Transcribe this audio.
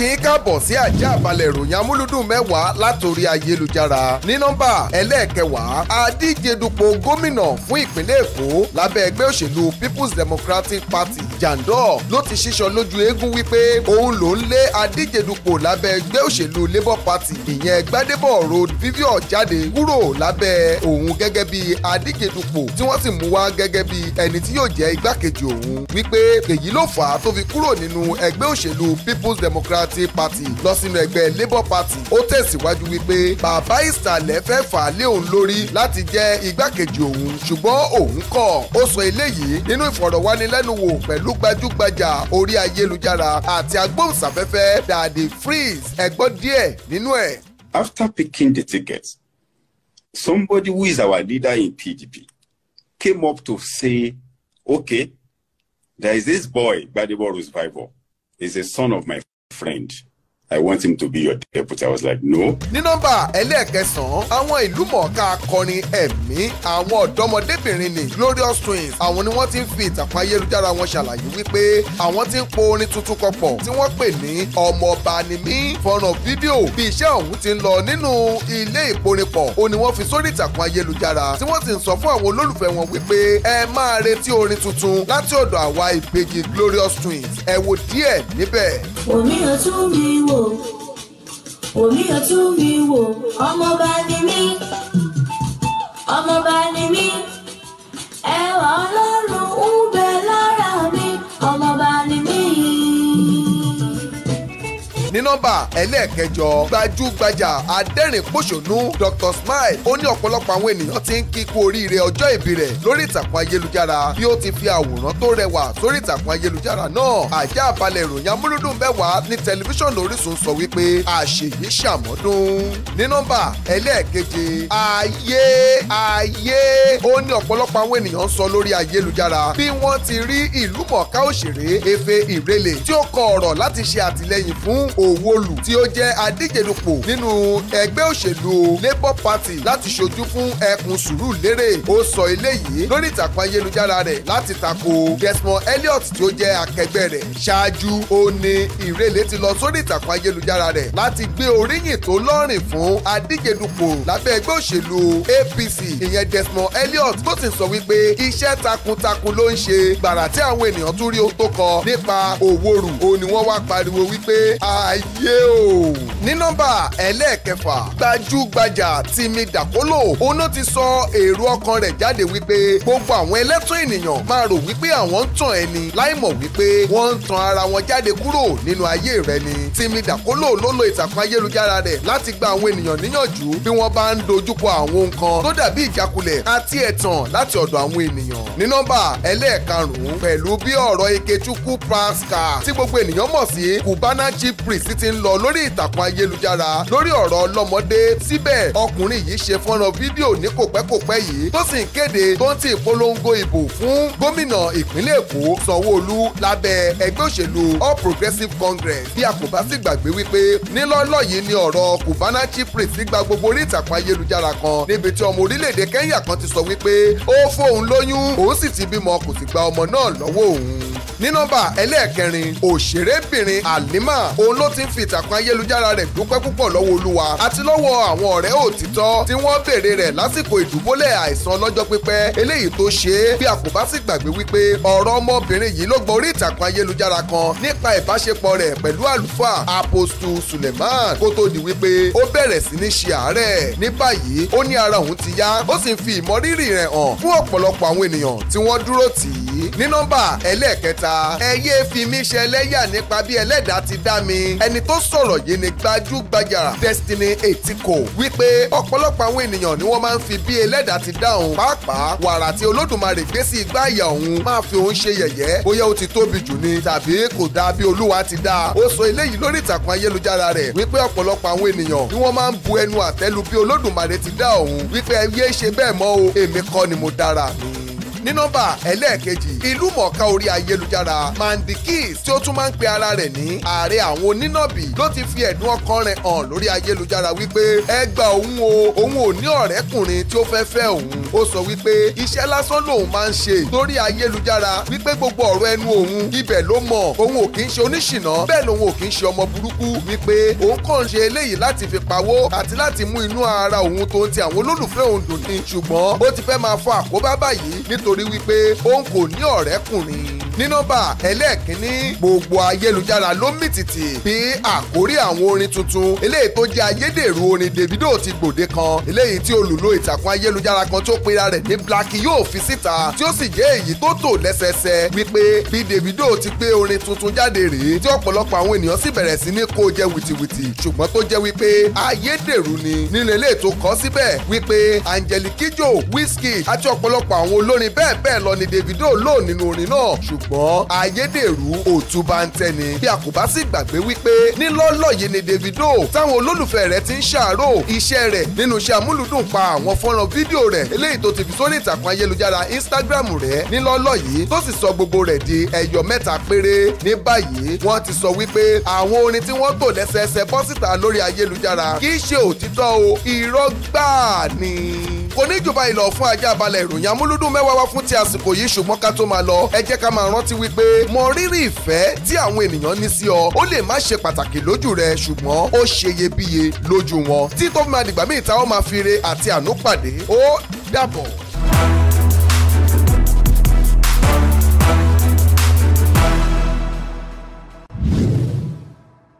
kí n káàbọ̀ sí àjẹ́ àbálẹ̀ ìròyìn amúlùdùn mẹ́wàá látòrí ayélujára ní nọ́mbà ẹlẹ́ẹ̀kẹwàá adíje dupò gómìnà fún ìpínlẹ̀ Èkó lábẹ́ ẹgbẹ́ òṣèlú People's Democratic Party jandor ló ti ṣíṣọ lójú eégún wípé òun ló ń lé adíje dupò lábẹ́ ẹgbẹ́ òṣèlú labour party ìyẹn gbadebo road Vivio jáde kúrò lábẹ́ òun gẹ́gẹ́ bí adíje dupò tí wọ́n sì mú wá gẹ́gẹ́ bí ẹni tí yóò jẹ́ igbákejì òun wípé èyí ló fà á tó fi kúrò nínú ẹgbẹ́ òṣèlú people's democratic party lọ sínú ẹgbẹ́ labour party ó tẹ̀síwájú wípé bàbá ìsàlẹ̀ fẹ́ fà á lé òun lórí láti jẹ́ igbákejì òun ṣùgbọ́n òun kọ̀ ó sọ eléyìí nínú ìfọ̀rọ̀wánilẹ́nuwò pẹ̀lú pẹ̀lú gbajúgbajà orí ayélujára àti agbóhùnsáfẹ́fẹ́ Daddy Freeze ẹ díẹ̀ nínú ẹ̀. After picking the ticket, somebody who is our leader in PDP came up to say, okay, there is this boy, Gbadebo Rusvival, is a son of my friend. I want him to be your deputy. I was like, no. Ní nọ́mbà ẹlẹ́ẹ̀kẹsàn-án, àwọn ìlú mọ̀ọ́ká akọrin ẹ̀mí àwọn ọ̀dọ́mọdébìnrin ni Glorious Twins. Àwọn ni wọ́n ti ń fi ìtàkùn ayélujára wọn ṣàlàyé wípé àwọn ti ń po orin tuntun kan pọ̀ tí wọ́n pè ní ọmọọba ni mí fọ̀nà fídíò bí iṣẹ́ ọ̀hún ti ń lọ nínú ilé ìponipọ̀. Ó ní wọ́n fi sórí ìtàkùn ayélujára tí wọ́n ti ń sọ fún àwọn olólùfẹ́ wọn wípé ẹ máa retí orin tuntun láti ọ̀dọ̀ àwa ìbejì Glorious Twins. Ẹ wo díẹ̀ níbẹ̀. Òní ọtún mi wò wò wòmí ọtún mi wò ọmọ bá nọ́mbà ẹlẹ́ẹ̀kẹjọ gbajúgbajà adẹ́rìn-pọ̀ṣọ́nù Dr Smile ó ní ọ̀pọ̀lọpọ̀ àwọn ènìyàn ti ń kí kú oríire ọjọ́ ìbí rẹ̀ lórí ìtàkùn ayélujára bí ó ti fi àwòrán tó rẹwà sórí ìtàkùn ayélujára náà àjá àbálẹ̀ ìròyìn amúlùdùn mẹ́wàá ní tẹlifíṣàn Orísun sọ wípé àṣèyí ṣàmọ́dún ní nọ́mbà ẹlẹ́ẹ̀keje ayé ayé ó ní ọ̀pọ̀lọpọ̀ àwọn ènìyàn sọ lórí ayélujára bí wọ́n ti rí ìlú mọ̀ọ́ká òṣèré Efe Irele tí ó kọ ọ̀rọ̀ láti ṣe àtìlẹ́yìn fún òw Sanwó-Olú tí ó jẹ́ adíjedupò nínú ẹgbẹ́ òṣèlú Labour Party láti ṣojú fún ẹkùn Sùúrùlérè ó sọ eléyìí lórí ìtàkùn ayélujára rẹ̀ láti tako Desmond Elliot tí ó jẹ́ akẹgbẹ́ rẹ̀ ṣáájú ó ní Ìrẹ̀lẹ̀ ti lọ sórí ìtàkùn ayélujára rẹ̀ láti gbé oríyìn tó lọ́rìn fún adíjedupò lábẹ́ ẹgbẹ́ òṣèlú APC ìyẹn Desmond Elliot tó sì sọ wípé iṣẹ́ takuntakun ló ń ṣe gbàrà tí àwọn ènìyàn tún rí ohun tó kọ nípa Òwòrù òun ni wọ́n wá pariwo wípé àì yé o. ní nọ́mbà ẹlẹ́ẹ̀kẹfà gbajúgbajà Timi Dakolo òun ló ti sọ èrò ọkàn rẹ̀ jáde wípé gbogbo àwọn ẹlẹ́tọ́ ènìyàn máa rò wípé àwọn ń tàn ẹni láìmọ̀ wípé wọ́n ń tan ara wọn jáde kúrò nínú ayé rẹ ni. Timi Dakolo ló lo ìtàkùn ayélujára rẹ̀ láti gba àwọn ènìyàn níyànjú bí wọ́n bá ń dojúkọ àwọn nǹkan tó dàbí ìjákulẹ̀ àti ẹ̀tàn láti ọ̀dọ̀ àwọn ènìyàn. ní nọ́mbà ẹlẹ́ẹ̀karùn-ún pẹ̀lú bí ọ̀rọ̀ Ikechukwu Praska tí gbogbo ènìyàn mọ̀ sí Cubana Chief ti ń lọ lórí ìtàkùn ayélujára lórí ọ̀rọ̀ ọlọ́mọdé síbẹ̀ ọkùnrin yìí ṣe fọ́nrán fídíò ní kòpẹ́kòpẹ́ yìí tó sì ń kéde tó ń ti ìpolongo ìbò fún gómìnà ìpínlẹ̀ Èkó Sanwó-Olú lábẹ́ ẹgbẹ́ òṣèlú All Progressives Congress bí a kò bá sì gbàgbé wípé nílọ́lọ́ yìí ni ọ̀rọ̀ Cubana Cypriot gba gbogbo orí ìtàkùn ayélujára kan níbi tí ọmọ orílẹ̀-èdè Kẹ́ńyà kan ti sọ wípé ó fóun lóyún òun sì ti bímọ kò sì gba ọmọ náà lọ́wọ́ òun ní nọ́mbà ẹlẹ́ẹ̀kẹrin òṣèrébìnrin Halima òun ló ti ń fi ìtàkùn ayélujára rẹ̀ dúpẹ́ púpọ̀ lọ́wọ́ Olúwa àti lọ́wọ́ àwọn ọ̀rẹ́ òtítọ́ tí wọ́n béèrè rẹ̀ lásìkò ìdúbólẹ̀ àìsàn ọlọ́jọ́ pípẹ́ eléyìí tó ṣe é bí a kò bá sì gbàgbé wípé ọ̀rọ̀ ọmọbìnrin yìí ló gba orí ìtàkùn ayélujára kan nípa ìbáṣepọ̀ rẹ̀ pẹ̀lú àlùfáà apostu Suleiman kó tó di wípé ó bẹ̀rẹ̀ sí ní ṣe àárẹ̀ ní báyìí ó ní ara òun ti yá ó sì ń fi ìmọrírì rẹ̀ hàn fún ọ̀pọ̀lọpọ̀ àwọn ènìyàn tí wọ́n dúró tì í ní nọ́mbà ẹlẹ́ẹ̀kẹta ẹ yé fi mí ṣe ẹlẹ́yà nípa bí ẹlẹ́dàá ti dá mi ẹni tó sọ̀rọ̀ yìí ni gbajúgbajà Destiny Etiko wípé ọ̀pọ̀lọpọ̀ àwọn ènìyàn ni wọ́n máa ń fi bí ẹlẹ́dàá ti dáhùn pàápàá wàrà tí olódùmarè gbé sí igbá àyà òun máa fi òun ṣe yẹ̀yẹ́ bóyá ó ti tóbi jù ni tàbí kò dáa bí olúwa ti dáa ó sọ eléyìí lórí ìtàkùn ayélujára rẹ̀ wípé ọ̀pọ̀lọpọ̀ àwọn ènìyàn ni wọ́n máa ń bu ẹnu àtẹ́lu bí olódùmarè ti dá òun wípé ẹ yéé ṣe bẹ́ẹ̀ mọ́ o èmi kọ́ ni mo dára mi ní nọ́mbà ẹlẹ́ẹ̀kejì ìlú mọ̀ọ́ká orí ayélujára Mandikis tí ó tún máa ń pe ara rẹ̀ ní ààrẹ àwọn onínàbì ló ti fi ẹ̀dùn ọkàn rẹ̀ hàn lórí ayélujára wípé ẹ gba òun o òun ò ní ọ̀rẹ́kùnrin tí ó fẹ́ fẹ́ òun ó sọ wípé iṣẹ́ lásán lòun máa ń ṣe lórí ayélujára wípé gbogbo ọ̀rọ̀ ẹnu òun ibẹ̀ ló mọ̀ òun ò kì í ṣe oníṣìná bẹ́ẹ̀ lòun ò kì í ṣe ọmọ burúkú wípé òun kàn ń ṣe eléyìí láti fi pawó àti láti mú inú ara òun tó ń ti àwọn olólùfẹ́ òun dùn ní ṣùgbọ́n ó ti fẹ́ máa fọ àkóbá báyìí nítorí nítorí wípé òun kò ní ọ̀rẹ́kùnrin ní nọ́mbà ẹlẹ́ẹ̀kínní gbogbo ayélujára ló mì tìtì bí àkórí àwọn orin tuntun eléyìí tó jẹ́ ayédèrú orin Davido ti gbòde kan eléyìí tí olùlò ìtàkùn ayélujára kan tó pera rẹ̀ ní Blacky yóò fi síta tí ó sì jẹ́ èyí tó tò lẹ́sẹẹsẹ wípé bí Davido ti gbé orin tuntun jáde rèé tí ọ̀pọ̀lọpọ̀ àwọn ènìyàn sì bẹ̀rẹ̀ sí ní kó jẹ wìtìwìtì ṣùgbọ́n tó jẹ́ wípé ayédèrú ni nílé ilé ètò kọ́ síbẹ̀ wípé Angelique Kidjo Wizkid àti ọ̀pọ̀lọpọ̀ àwọn olórin bẹ́ẹ̀ bẹ́ẹ̀ lọ ni Davido lò nínú orin náà ṣùgbọ́n ṣùgbọ́n ayédèrú òtún bá ń tẹ́ni bí a kò bá sì gbàgbé wípé nílọ́lọ́ yìí ni Davido táwọn olólùfẹ́ rẹ̀ ti ń ṣàárò iṣẹ́ rẹ̀ nínú iṣẹ́ amúlùdùn pa àwọn fọ́nrán fídíò rẹ̀ eléyìí tó ti fi sórí ìtàkùn ayélujára Instagram rẹ̀ nílọ́lọ́ yìí tó sì sọ gbogbo rẹ̀ di ẹyọ mẹ́ta péré ní báyìí wọ́n ti sọ wípé àwọn orin tí wọ́n tò lẹ́sẹẹsẹ bọ́ síta lórí ayélujára kì í ṣe òtítọ́ o irọ́ gbáà ni kò ní jù báyìí lọ fún ajá balẹ̀ ìròyìn amúlúdùn mẹ́wàá wá fún ti àsìkò yìí ṣùgbọ́n ká tó máa lọ ẹ jẹ́ ká máa rántí wípé mọ rírì ìfẹ́ tí àwọn ènìyàn ní sí ọ ó lè má ṣe pàtàkì lójú rẹ ṣùgbọ́n ó ṣe iyebíye lójú wọn tí tó fi máa dìgbà míì ta máa fi re àti àánú pàdé ó dàbọ̀.